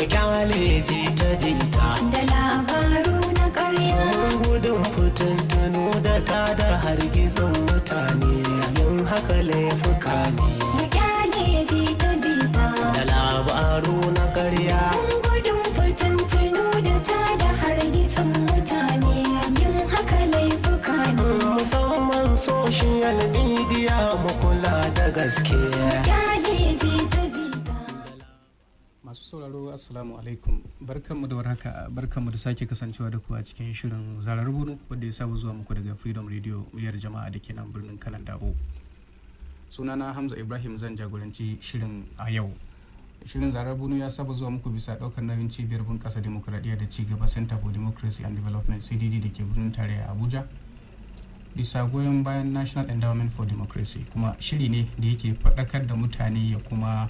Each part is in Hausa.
mu kyale jita. sauraro assalamu alaikum barkanmu da warhaka barkanmu da sake kasancewa da ku a cikin shirin zarar bunu wanda ya samu zuwa muku daga freedom radio miliyar jama'a da ke nan birnin kanan dabo sunana hamza ibrahim zan jagoranci shirin a yau shirin zarar bunu ya saba zuwa muku bisa daukar nauyin cibiyar bunƙasa demokradiyya da ci gaba center for democracy and development cdd da ke birnin tarayya abuja bisa goyon bayan national endowment for democracy kuma shiri ne da yake faɗakar da mutane ya kuma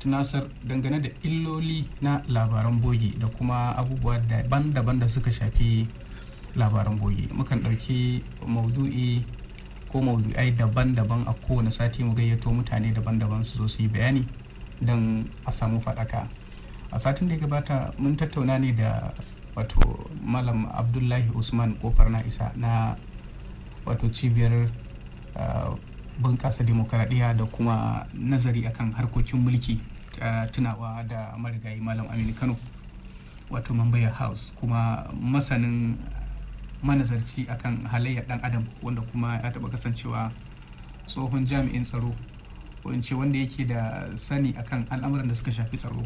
tunasar dangane da illoli na labaran bogi da kuma abubuwa daban-daban da suka shafi labaran bogi mukan ɗauki maudu'i ko maudu'ai daban-daban a kowane sati mu gayyato mutane daban-daban su zo su yi bayani don a samu faɗaka a satin da ya gabata mun tattauna ne da wato malam abdullahi usman kofar na isa na wato cibiyar ah, bunƙasa demokaradiyya da kuma nazari akan harkokin mulki Eh, tunawa da marigayi malam amini kano wato mambaya house kuma masanin manazarci akan halayyar dan adam wanda kuma ya taba kasancewa tsohon jami'in tsaro ko ce wanda yake da sani akan al'amuran da suka shafi tsaro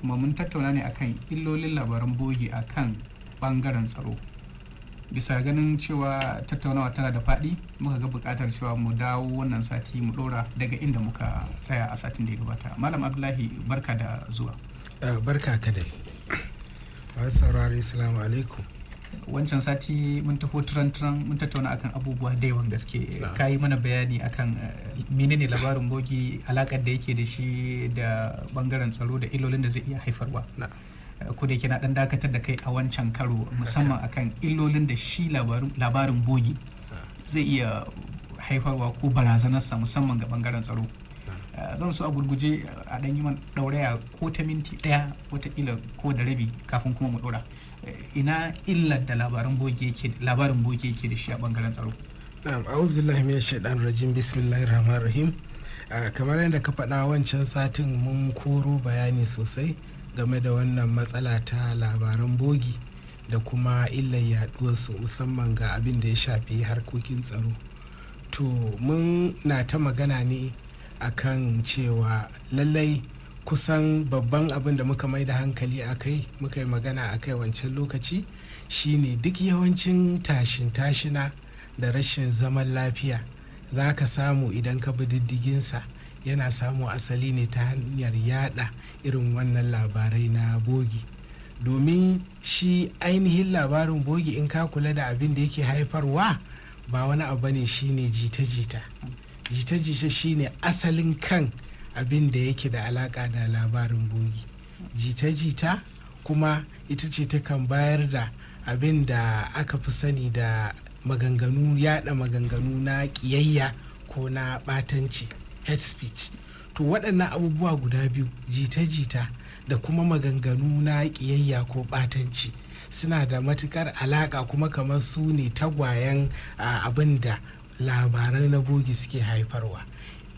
kuma mun tattauna ne akan illolin labaran bogi akan bangaren tsaro bisa ganin cewa tattaunawa tana da faɗi muka ga bukatar cewa mu dawo wannan sati mu ɗora daga inda muka tsaya a satin da ya gabata malam abdullahi barka da zuwa ah, barka ka dai masu saurari assalamu alaikum wancan sati mun taho turan-turan mun tattauna akan abubuwa da yawan gaske ka yi mana bayani akan eh, menene labarin bogi alakar da yake da shi da bangaren tsaro da ilolin da zai iya haifarwa ko da na dan dakatar da kai a wancan karo musamman akan illolin da shi labarin bogi zai iya haifarwa ko barazanarsa musamman ga bangaren tsaro eh, zan so a gurguje eh, a dan yi man dauraya ko ta minti daya watakila ko da rabi kafin kuma mu dora eh, ina illar da labarin bogi yake labarin bogi yake da shi a bangaren tsaro na'am a'udhu billahi minash shaitanir rajim bismillahir rahmanir rahim ah, kamar yadda ka faɗa wancan satin mun koro bayani sosai game da wannan matsala ta labaran bogi da kuma illar yaduwarsu musamman ga abin da ya shafi harkokin tsaro to mun na ta magana ne akan cewa lallai kusan babban abin da muka mai da hankali a kai muka yi magana a kai wancan lokaci shine duk yawancin tashin tashina da rashin zaman lafiya za ka samu idan ka bi diddiginsa yana samu asali ne ta hanyar yada irin wannan labarai na bogi domin shi ainihin labarin bogi in ka kula da abin da yake haifarwa ba wani abu ne shi ne jita-jita jita-jita shi ne asalin kan abin da yake da alaka da labarin bogi jita-jita kuma ita ce takan bayar da abin da aka fi sani da maganganu yada maganganu na kiyayya ko na batanci head speech to waɗannan abubuwa guda biyu jita-jita da kuma maganganu na ƙiyayya ko ɓatanci suna da matukar alaƙa kuma kamar su ne tagwayen abin da labaran na bogi suke haifarwa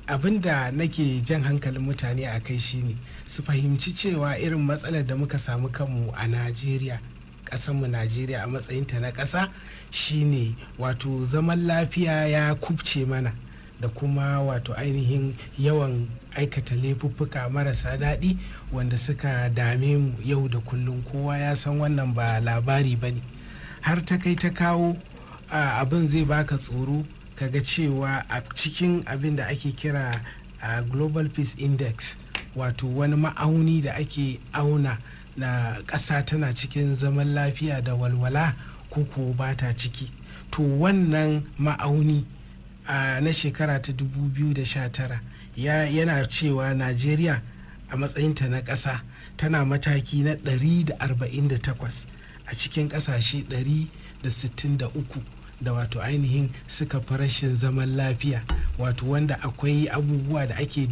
abin da nake jan hankalin mutane a kai shine su fahimci cewa irin matsalar da muka samu kanmu a najeriya mu najeriya a matsayinta na ƙasa shine wato zaman lafiya ya kubce mana da kuma wato ainihin yawan aikata laifuffuka marasa daɗi wanda suka dame mu yau da kullum kowa ya san wannan ba labari ba ne har ta kai ta kawo abin zai baka tsoro kaga cewa a cikin abin da ake kira a global peace index wato wani ma'auni da ake auna na ƙasa tana cikin zaman lafiya da walwala ko ko ba ta ciki to wannan ma'auni na shekara ta 2019 yana cewa najeriya a matsayinta na ƙasa tana mataki na 148 a cikin ƙasashe 163 da wato ainihin suka fi rashin zaman lafiya wato wanda akwai abubuwa da ake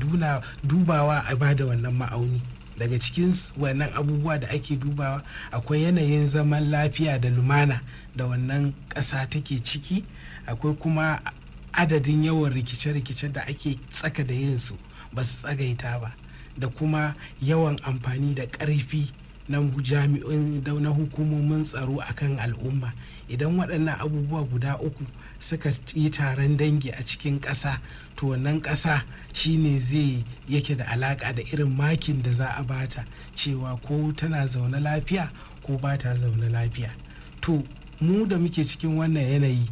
dubawa a bada wannan ma'auni daga cikin wannan abubuwa da ake dubawa akwai yanayin zaman lafiya da lumana da wannan ƙasa take ciki akwai kuma adadin yawan rikice-rikice da ake tsaka da yin su ba su tsagaita ba da kuma yawan amfani da ƙarfi na jami'in na hukumomin tsaro akan al'umma idan waɗannan abubuwa guda uku suka yi taron dangi a cikin ƙasa to wannan ƙasa shine zai yake da alaƙa da irin makin da za a bata cewa ko tana zaune lafiya ko ba ta zaune lafiya to mu da muke cikin wannan yanayi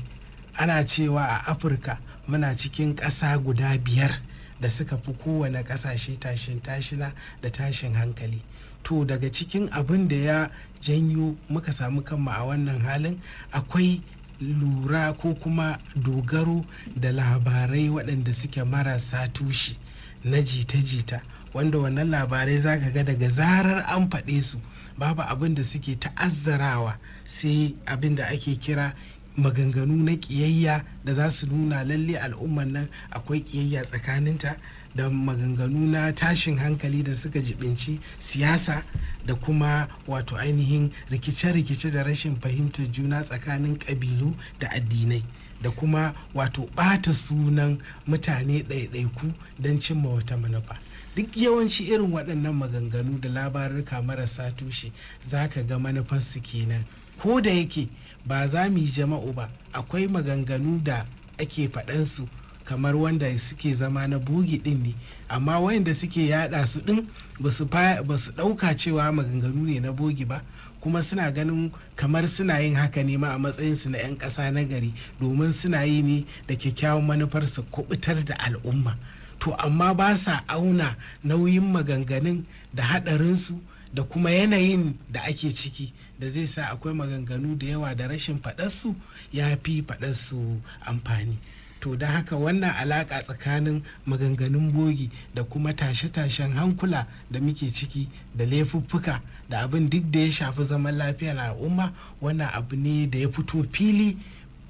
ana cewa a afirka muna cikin ƙasa guda biyar da suka fi kowane ƙasashe tashin tashina da tashin hankali to daga cikin abin da ya janyo muka samu kanmu a wannan halin akwai lura ko kuma dogaro da labarai waɗanda suke marasa tushe na jita-jita wanda wannan labarai za ka ga daga zarar an faɗe su babu abin da suke ta'azzarawa sai abin da ake kira maganganu na kiyayya da za su nuna lalle al'ummar nan akwai kiyayya tsakaninta da maganganu na tashin hankali da suka jibinci siyasa da kuma wato ainihin rikice-rikice da rashin fahimtar juna tsakanin ƙabilu da addinai da kuma wato ɓata sunan mutane ɗaiɗaiku don cimma wata manufa duk yawanci irin waɗannan maganganu da labarurka marasa tushe za ka ga manufarsu kenan ko da yake ba za mu yi jama'u ba akwai maganganu da ake faɗansu kamar wanda suke zama na bugi ɗin ne amma wayanda suke yada su ɗin ba su ɗauka cewa maganganu ne na bogi ba kuma suna ganin kamar suna yin haka ne ma a matsayinsu na 'yan ƙasa na gari domin suna yi ne da kyakkyawan manufar su kubutar da al'umma to amma ba sa auna nauyin maganganun da haɗarinsu da kuma yanayin da ake ciki da zai sa akwai maganganu da yawa da rashin faɗarsu ya fi faɗarsu amfani to da haka wannan alaƙa tsakanin maganganun bogi da kuma tashe-tashen hankula da muke ciki da laifuffuka da abin duk da ya shafi zaman lafiyar al'umma wannan abu ne da ya fito fili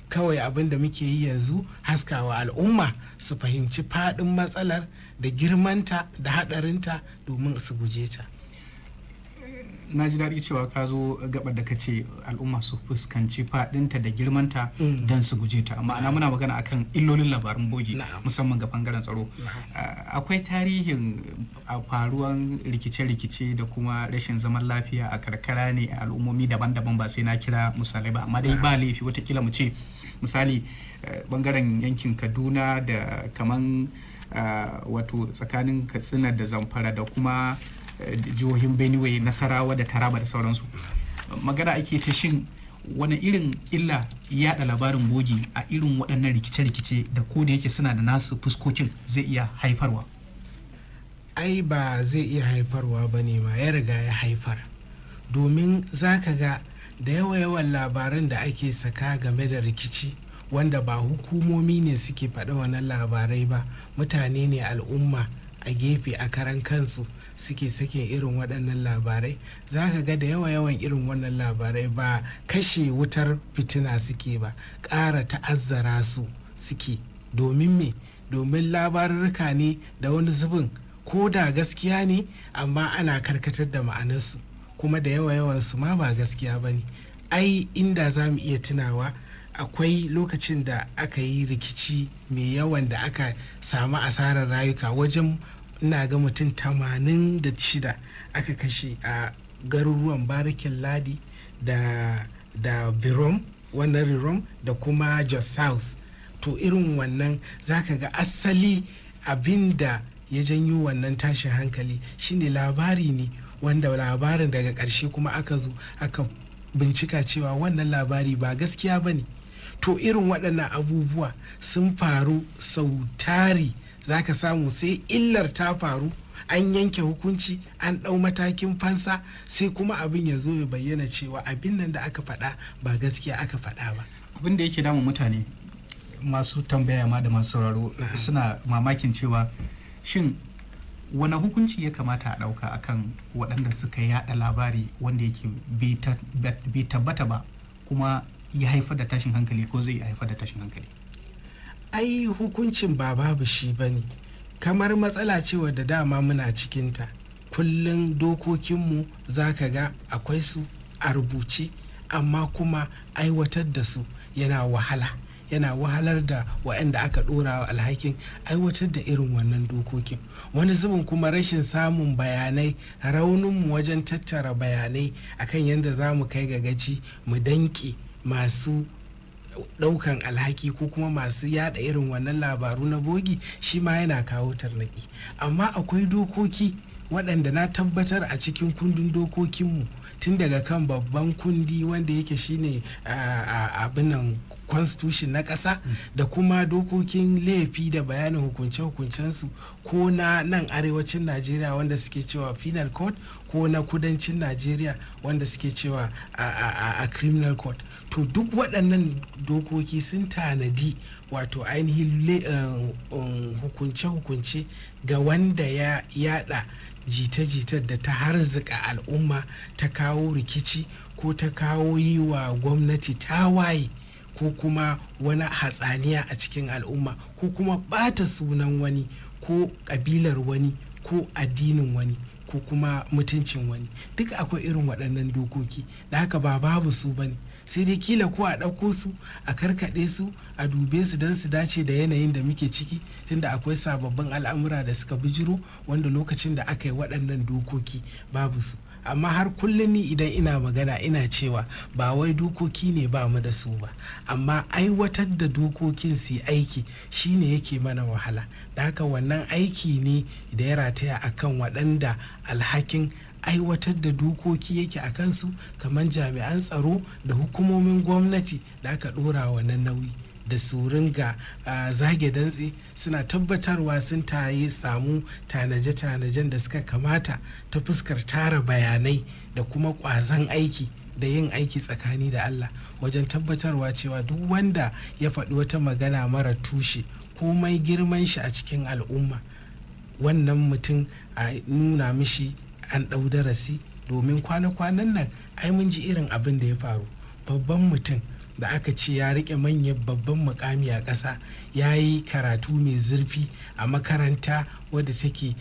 kawai abin da muke yi yanzu haskawa al'umma su fahimci faɗin matsalar da girmanta da haɗarinta domin su guje ta. na ji daɗi cewa ka zo gabar da kace al'umma su fuskanci faɗinta da girmanta mm. don su guje ta ma'ana muna magana akan illolin labarin bogi musamman ga bangaren tsaro akwai tarihin a faruwan rikice-rikice da kuma rashin zaman lafiya a karkara ne a al'ummomi daban-daban ba sai na kira misalai ba amma dai ba laifi watakila mu ce misali bangaren eh, yankin kaduna da kaman eh, wato tsakanin katsina da zamfara da kuma jihohin benue nasarawa da taraba da sauransu magana ake ta shin wani irin illa yada labarin bogi a irin waɗannan rikice-rikice da ko da yake suna da nasu fuskokin zai iya haifarwa ai ba zai iya haifarwa ba ne ma ya riga ya haifar domin za ka ga da yawa-yawan labaran da ake saka game da rikici wanda ba hukumomi ne suke faɗa wannan labarai ba mutane ne al'umma a gefe a karan kansu suke sake irin waɗannan labarai za ka ga da yawa yawan irin wannan labarai ba kashe wutar fitina suke ba ƙara ta'azzara su suke domin me domin labarurruka ne da wani zubin ko da gaskiya ne amma ana karkatar da ma'anarsu kuma da yawa yawan su ma ba gaskiya ba ne ai inda za mu iya tunawa akwai lokacin da aka yi rikici mai yawan da aka samu asarar rayuka wajen ina ga mutum tamanin da shida aka kashe a garuruwan barikin ladi da da birom wannan rirom da kuma jos south to irin wannan zaka ga asali abinda ya janyo wannan tashin hankali shine labari ne wanda labarin daga ƙarshe kuma aka zo aka bincika cewa wannan labari ba gaskiya ba ne to irin waɗannan abubuwa sun faru sautari. za ka samu sai illar ta faru an yanke hukunci an ɗau matakin fansa sai kuma abin ya zo ya bayyana cewa abin nan da aka faɗa ba gaskiya aka faɗa ba abin da yake damun mutane masu tambaya ma da masu sauraro suna mamakin cewa shin wani hukunci ya kamata a ɗauka akan waɗanda suka yaɗa labari wanda yake bai tabbata ba kuma ya haifar da tashin hankali ko zai haifar da tashin hankali ai hukuncin ba babu shi ba ne kamar matsala ce wadda dama muna cikinta kullum dokokinmu za ka ga akwai su a rubuce amma kuma aiwatar da su yana wahala yana wahalar da waɗanda aka ɗora wa alhakin aiwatar da irin wannan dokokin wani zubin kuma rashin samun bayanai rauninmu wajen tattara bayanai akan yadda za mu kai ga mu danƙe masu daukan alhaki ko kuma masu yada irin wannan labaru na bogi shi ma yana kawo tarnaki amma akwai dokoki waɗanda na tabbatar a cikin kundin dokokinmu tun daga kan babban kundi wanda yake shine abin constitution na ƙasa mm. da kuma dokokin laifi da bayanin hukunce-hukuncensu ko na nan arewacin najeriya wanda suke cewa penal court ko na kudancin najeriya wanda suke cewa a criminal court to duk waɗannan dokoki sun tanadi wato ainihin um, um, hukunce-hukunce ga wanda ya yada jita-jitar da ta harzika al'umma ta kawo rikici ko ta kawo yi wa gwamnati tawaye ko kuma wani hatsaniya a cikin al'umma ko kuma bata sunan wani ko kabilar wani ko addinin wani ko kuma mutuncin wani duk akwai irin waɗannan dokoki da haka ba babu su bane sai dai kila ko a ɗauko su a karkaɗe su a dube su don su dace da yanayin da muke ciki tunda akwai sababbin al'amura da suka bijiro wanda lokacin da aka yi waɗannan dokoki babu su amma har kullum ni idan ina magana ina cewa ba wai dokoki ne ba mu da su ba amma aiwatar da dokokin su aiki shine yake mana wahala da haka wannan aiki ne da ya rataya akan waɗanda alhakin aiwatar da dokoki yake a kansu kamar jami'an tsaro da hukumomin gwamnati da aka ɗora wannan nauyi da su ga zage dantse suna tabbatarwa sun tayi samu tanaje-tanajen da suka kamata ta fuskar tara bayanai da kuma ƙwazon aiki da yin aiki tsakani da Allah wajen tabbatarwa cewa duk wanda ya faɗi wata magana mara tushe komai girman shi a cikin al'umma wannan mutum a nuna mishi an ɗau darasi domin kwana-kwanan nan ai mun ji irin abin da ya faru babban mutum da aka ce ya rike manyan babban mukami a ƙasa ya yi karatu mai zurfi a makaranta wadda take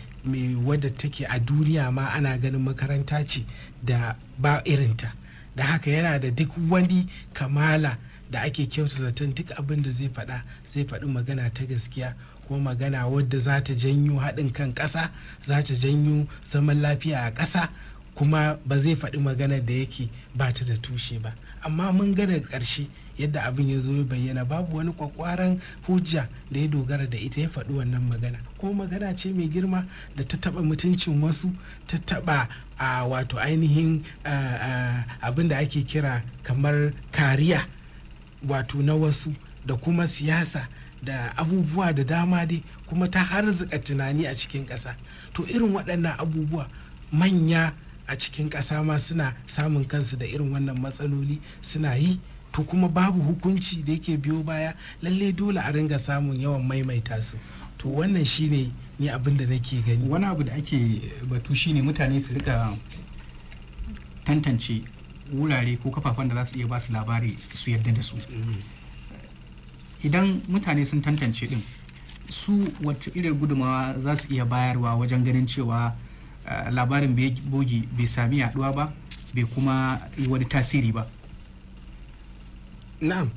wadda take a duniya ma ana ganin makaranta ce da ba irinta da haka yana da duk wani kamala da ake kyauta zaton duk abin da zai faɗa zai faɗi magana ta gaskiya ko magana wadda za ta janyo haɗin kan ƙasa za ta janyo zaman lafiya a ƙasa kuma ba zai faɗi magana da yake ba ta da tushe ba amma mun ga da ƙarshe yadda abin ya zo ya bayyana babu wani kwakwaran hujja da ya dogara da ita ya faɗi wannan magana ko magana ce mai girma da ta taɓa mutuncin wasu ta taɓa a wato ainihin abin da ake kira kamar kariya wato na wasu da kuma siyasa da abubuwa da dama dai kuma ta harzika tunani a cikin ƙasa to irin waɗannan abubuwa manya a cikin ƙasa ma suna samun kansu da irin wannan matsaloli suna yi to kuma babu hukunci da yake biyo baya lalle dole a ringa samun yawan maimaita su to wannan shine ni abin da nake gani wani abu da ake batu shine mutane su rika tantance wurare ko kafafen da za su iya ba su labari su yadda da su mm. idan mutane sun tantance din su wacce irin gudumawa za su iya bayarwa wajen ganin cewa eh, labarin bogi bai sami yaduwa ba bai kuma yi wani tasiri ba na'am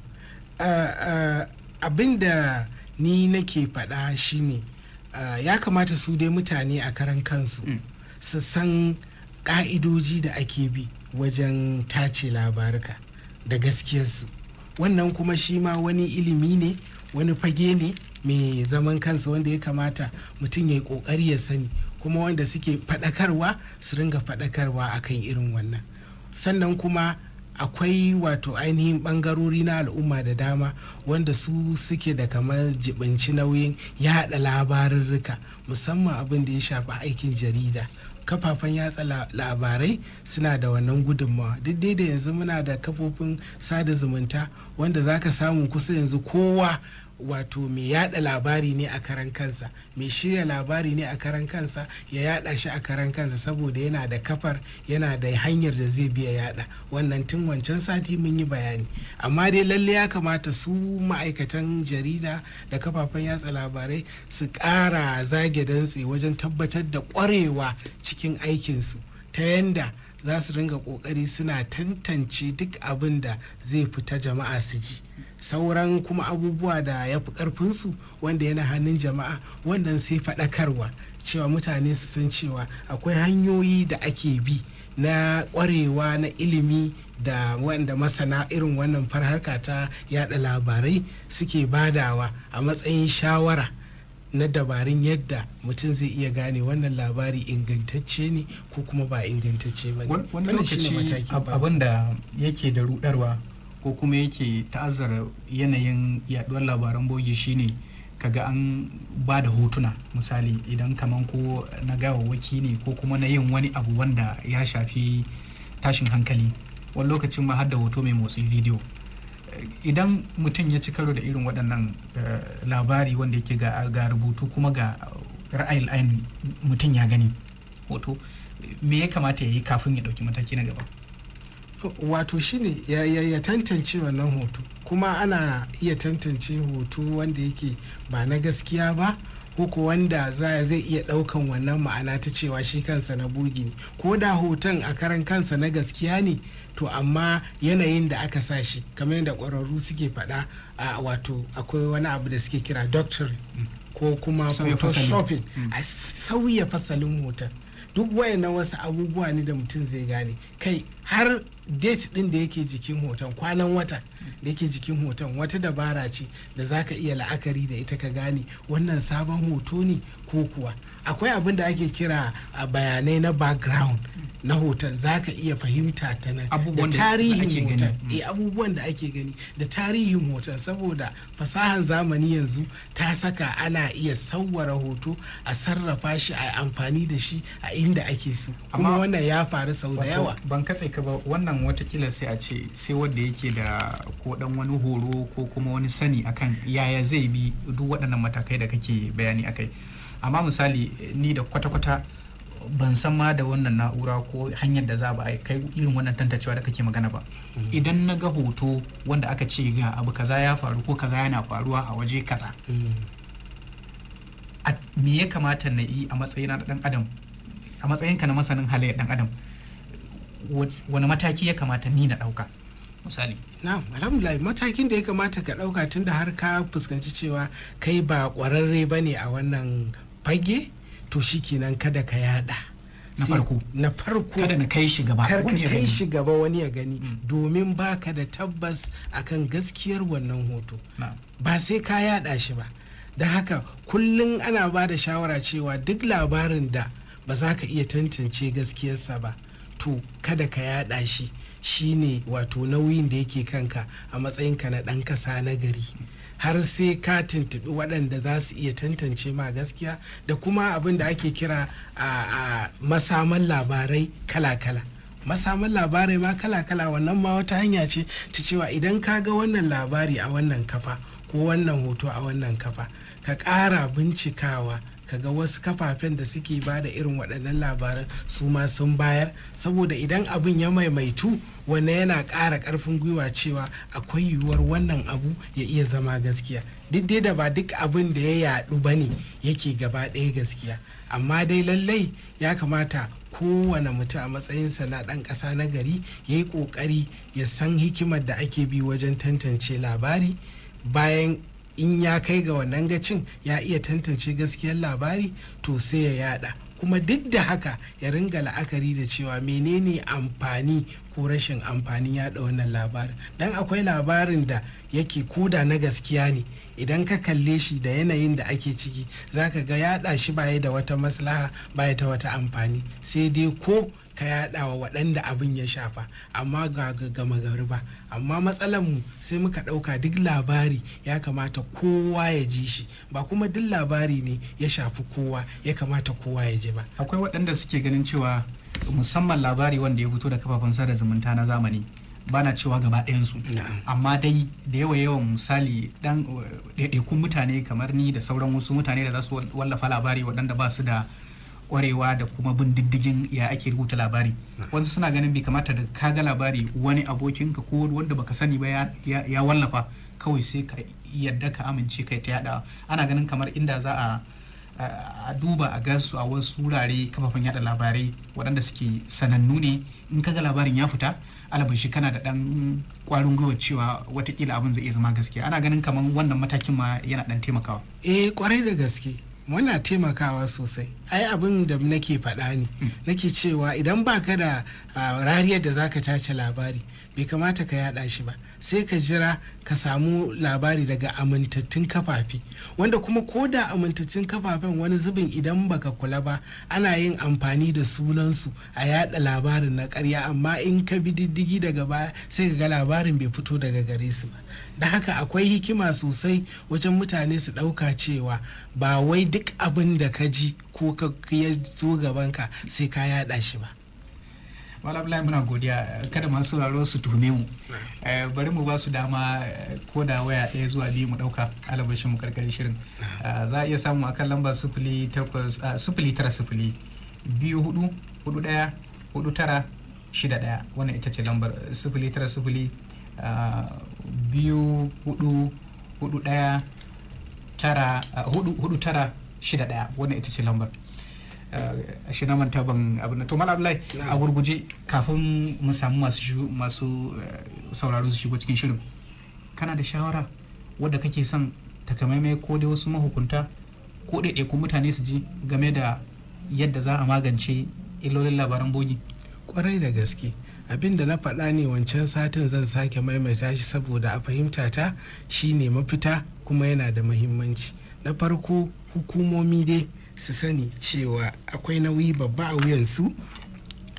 eh, eh, abin da ni nake faɗa shine ya kamata su dai mutane a karan kansu mm. su san ka'idoji da ake bi wajen tace labaruka da gaskiyarsu wannan kuma shi ma wani ilimi ne wani fage ne mai zaman kansa wanda ya kamata mutum ya yi ƙoƙari ya sani kuma wanda suke faɗakarwa su ringa faɗakarwa a kan irin wannan sannan kuma akwai wato ainihin ɓangarori na al'umma da dama wanda su suke da kamar jibinci nauyin yaɗa labarurruka musamman abin da ya shafi aikin jarida kafafen yatsa labarai suna da wannan gudunmawa duk dai da yanzu muna da kafofin sada zumunta wanda zaka samu kusa yanzu kowa wato mai yada labari ne a karan kansa mai shirya labari ne a karan kansa ya yada shi a karan kansa saboda yana da kafar yana da hanyar da zai biya yada wannan tun wancan sati mun yi bayani amma dai lalle ya kamata su ma'aikatan jarida da kafafen yatsa labarai su kara zage dantse wajen tabbatar da kwarewa cikin aikinsu ta yanda za su ringa kokari suna tantance duk abin da zai fita jama'a su ji sauran kuma abubuwa da ya fi karfinsu wanda yana hannun jama'a wannan sai faɗakarwa cewa mutane su san cewa akwai hanyoyi da ake bi na kwarewa na ilimi da wanda masana irin wannan farharka ta yada labarai suke badawa a matsayin shawara na dabarun yadda mutum zai iya gane wannan labari ingantacce ne ko kuma ba ingantacce ba wannan lokaci abin da yake da rudarwa ko kuma yake ta'azzara yanayin yaduwar labaran bogi shine kaga an ba da hotuna misali idan kaman ko na waki ne ko kuma na yin wani abu wanda ya shafi tashin hankali wani lokacin ma har hoto mai motsin bidiyo idan mutum ya ci karo da irin waɗannan eh, labari wanda yake ga rubutu kuma ga ra'ayin ayin mutum ya gani hoto me ya kamata ya yi kafin ya ɗauki mataki na gaba wato shine ya, ya, tantance wannan hoto kuma ana iya tantance hoto wanda yake ba na gaskiya ba ko wanda za zai iya daukan wannan ma'ana ta cewa shi kansa na bugi ne ko da hoton a karan kansa na gaskiya ne to amma yanayin da aka sa shi kamar yadda ƙwararru suke faɗa a wato akwai wani abu da suke kira doctor mm, ko kuma photoshopping mm. a sauya fasalin hoton duk na wasu abubuwa ne da mutum zai gane kai har date din da yake jikin hoton kwanan wata da yake jikin hoton wata dabara ce da zaka iya la'akari da ita ka gane wannan sabon hoto ne ko kuwa akwai abin da ake kira a bayanai na background na hoton zaka iya fahimta ta nan da tarihin hoton mm. eh, abubuwan da ake gani da tarihin hoton saboda fasahan zamani yanzu ta saka ana iya sauwara hoto a sarrafa shi a amfani da shi a inda ake so kuma wannan ya faru sau da yawa ban katse ka ba wannan wannan watakila sai a ce sai wanda yake da ko dan wani horo ko kuma wani sani akan yaya zai bi duk waɗannan matakai da kake bayani akai amma misali ni da kwata-kwata ban san ma da wannan na'ura ko hanyar da za ba a kai irin wannan tantancewa da kake magana ba mm-hmm. idan na ga hoto wanda aka ce ga abu kaza ya faru ko kaza yana faruwa a waje kaza mm-hmm. me ya kamata na yi a matsayina na dan adam a matsayinka na masanin halayyar dan adam wani mataki ya kamata ni na ɗauka misali na'am alhamdulillah matakin da ya kamata ka ɗauka tun da har ka fuskanci cewa kai ba ƙwararre ba ne a wannan fage to shikenan kada ka yada na farko na farko kada na kai shi gaba kar ka kai shi gaba wani ya gani mm. domin baka da tabbas akan gaskiyar wannan hoto ba sai ka yada shi ba da haka kullum ana ba da shawara cewa duk labarin da ba za ka iya tantance gaskiyarsa ba to kada ka yaɗa shi shine wato nauyin da yake kanka a matsayinka na ɗan kasa nagari har sai ka tuntubi waɗanda za su iya tantance ma gaskiya da kuma abin da ake kira a masaman labarai kala-kala masaman labarai ma kala-kala wannan ma wata hanya ce ta cewa idan ka ga wannan labari a wannan kafa ko wannan hoto a wannan kafa ka ƙara bincikawa kaga wasu kafafen da suke ba da irin waɗannan labaran su ma sun bayar saboda idan abin ya maimaitu wanne yana ƙara ƙarfin gwiwa cewa akwai yiwuwar wannan abu ya iya zama gaskiya duk dai da ba duk abin da ya yaɗu ba ne yake gaba ɗaya gaskiya amma dai lallai ya kamata kowane mutum a matsayinsa na ɗan ƙasa na gari ya yi ƙoƙari ya san hikimar da ake bi wajen tantance labari bayan in ya kai ga wannan gacin ya iya tantance gaskiyar labari to sai ya yada kuma duk da haka ya ringa la'akari da cewa menene amfani ko rashin amfani yaɗa wannan labarin dan akwai labarin da yake koda na gaskiya ne idan ka kalle shi da yanayin da ake ciki zaka ga yaɗa shi baya da wata maslaha baya ta wata amfani sai dai ko ka yada wa waɗanda abin ya shafa amma ga gama gari ba amma matsalar mu sai muka ɗauka duk labari ya kamata kowa ya ji shi ba kuma duk labari ne ya shafi kowa ya kamata kowa ya ji ba akwai waɗanda suke ganin cewa musamman labari wanda ya fito da kafafen sada zumunta na zamani bana cewa gaba ɗayansu amma dai da yawa yawan misali ɗaiɗaikun mutane kamar ni da sauran wasu mutane da za su wallafa labari waɗanda ba su da kwarewa da kuma bin diddigin ya ake rubuta labari hmm. wasu suna ganin bai kamata da kaga labari wani abokinka ko wanda baka sani ba ya wallafa kawai sai ka yadda ka amince kai ta yadawa ana ganin kamar inda za a a duba a gasu a wasu wurare kafafen yada labarai waɗanda suke sanannu ne in kaga labarin ya fita shi kana da ɗan ƙwarin gwiwa cewa watakila abin zai iya zama gaskiya ana ganin kamar wannan matakin ma yana ɗan taimakawa eh kwarai da gaske muna taimakawa sosai ai abin da nake faɗa ne mm. nake cewa idan baka da rariyar da zaka tace labari bai kamata ka yada shi ba sai ka jira ka samu labari daga amintattun kafafe wanda kuma ko da amintattun kafafen wani zubin idan baka kula ba ana yin amfani da sunansu a yada labarin na karya amma in ka bi diddigi daga baya sai ka ga labarin bai fito daga gare su ba da haka akwai hikima sosai wajen mutane su ɗauka cewa ba wai duk abin da ka ji ko ka ya zo gabanka sai ka yada shi ba wala muna godiya kada masu sauraro su tuhume mu eh, bari mu ba su dama eh, ko da waya ɗaya zuwa biyu mu ɗauka alabashin mu karkar shirin ah, za a iya samu kan lamba sufuli takwas ah, sufuli tara sufuli biyu hudu hudu ɗaya hudu tara shida ɗaya wannan ita ce lambar eh, sufuli tara sufuli ah, biyu hudu hudu ɗaya tara hudu hudu tara shida daya wannan ita ce lambar eh, shi na manta ban abin da to mala abdullahi a gurguje kafin mu samu masu masu eh, sauraro su shigo cikin shirin kana da shawara wadda kake son takamaimai ko dai wasu mahukunta ko ku mutane su ji game da yadda za a magance illolin labaran bogi kwarai da gaske abin da na faɗa ne wancan satin zan sake maimaita shi saboda a fahimta ta shine mafita kuma yana da mahimmanci na farko hukumomi dai su sani cewa akwai nauyi babba a wuyansu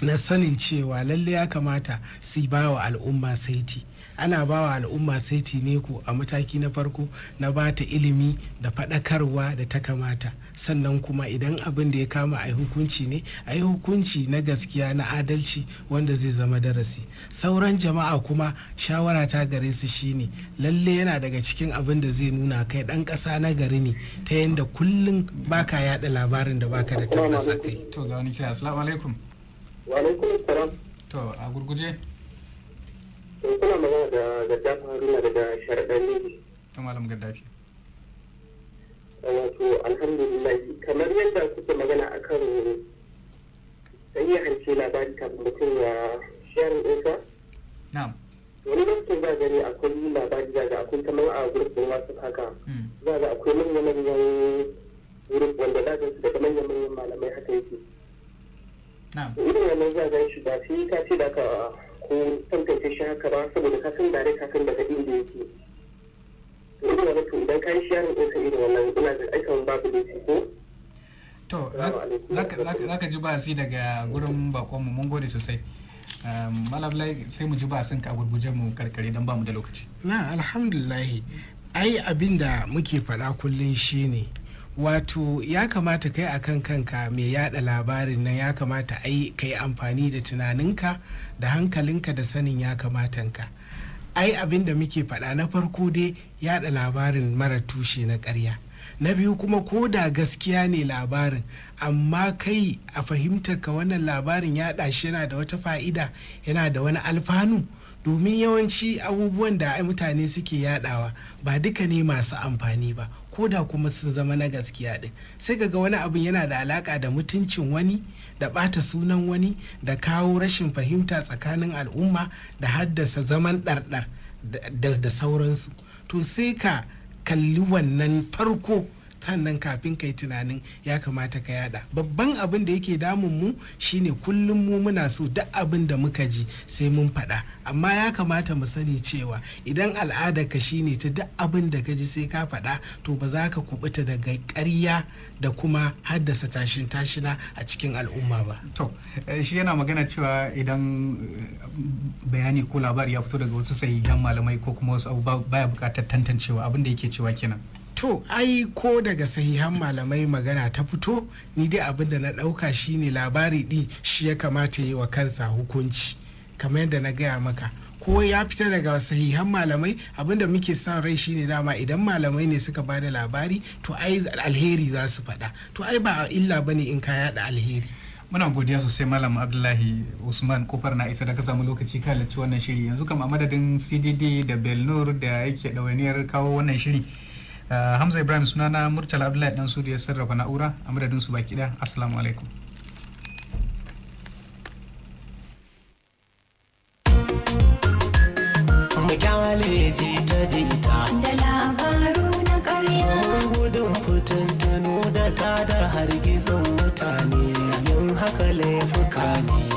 na sanin cewa lalle ya kamata su ba wa al'umma saiti ana ba wa al'umma saiti ne a mataki na farko na ba ta ilimi da faɗakarwa da ta kamata sannan kuma idan abin da ya kama a hukunci ne a yi hukunci na gaskiya na adalci wanda zai zama darasi sauran jama'a kuma shawara ta gare su shine lalle yana daga cikin abin da zai nuna kai ɗan ƙasa na gari ne ta yadda kullum baka yaɗa labarin da baka da tabbas a kai to ga wani kira assalamu alaikum wa alaikum salam. to a gurguje sun kuna magana da gaddafi haruna daga sharaɗan ne ta malam gaddafi eh, wato alhamdulillah kamar yadda kuke magana a kan akan sahihanci labari kafin mutum ya sharing ɗinsa na'am wani lokacin za gani akwai labari za ga akwai kamar a gurbin wasu haka hmm. za ga akwai manya-manyan wurin wanda za ga su daga manya-manyan malamai haka yake irin wannan za ga shi ba sai ka ce da ka ko tantance shi haka ba saboda ka san dare ka san daga inda yake to ina wani to idan ka yi ko sai irin wannan ina da ba babu laifi ko to za ka ji ba basi daga gurin bakonmu mun gode sosai um, malam sai mu ji ba sun ka gurguje mu karkare don bamu da lokaci na alhamdulillah ai abinda muke faɗa kullum shine ne wato ya kamata kai a kan kanka mai yada labarin nan ya kamata ai kai amfani da tunaninka da hankalinka da sanin ya kamatanka ai abin da muke faɗa na farko dai yada labarin mara tushe na karya na biyu kuma ko da gaskiya ne labarin amma kai a fahimtar ka wannan labarin ya shi yana da wata fa'ida yana da wani alfanu domin yawanci abubuwan da mutane suke yadawa ba duka ne masu amfani ba ko da kuma sun zama na gaskiya ɗin sai ga wani abin yana da alaka da mutuncin wani da bata sunan wani da kawo rashin fahimta tsakanin al'umma da haddasa zaman ɗarɗar da sauransu to sai ka kalli wannan farko sannan kafin kai tunanin ya kamata ka yada babban abin da yake damun mu shine kullum mu muna so duk abin da muka ji sai mun faɗa amma ya kamata mu sani cewa idan al'ada ka shine ta duk abin da ka ji sai ka faɗa to ba za ka kubuta daga ƙarya da kuma haddasa tashin tashina a cikin al'umma ba to eh, shi yana magana cewa idan eh, bayani ko labari ya fito daga wasu sahihan malamai ko kuma wasu abu baya bukatar tantancewa abin da yake cewa kenan to ai ko daga sahihan malamai magana ta fito ni dai abin da na ɗauka shine labari din shi ya kamata yi wa kansa hukunci kamar yadda na gaya maka ko ya fita daga sahihan malamai abin da muke son rai shine dama idan malamai ne suka bada labari to ai alheri za su faɗa to ai ba illa bane in ka yada alheri muna godiya sosai malam abdullahi usman kofar na isa da ka samu lokaci ka halarci wannan shiri yanzu kam madadin cdd da belnur da yake ɗawainiyar kawo wannan shiri Eh, Hamza Ibrahim sunana Murtala Abdullahi dan Sudu ya sarrafa na'ura a madadin su baki daya. Assalamu alaikum. Da labaru na ƙarya. Gudun da tsadar mutane yin haka laifuka ne.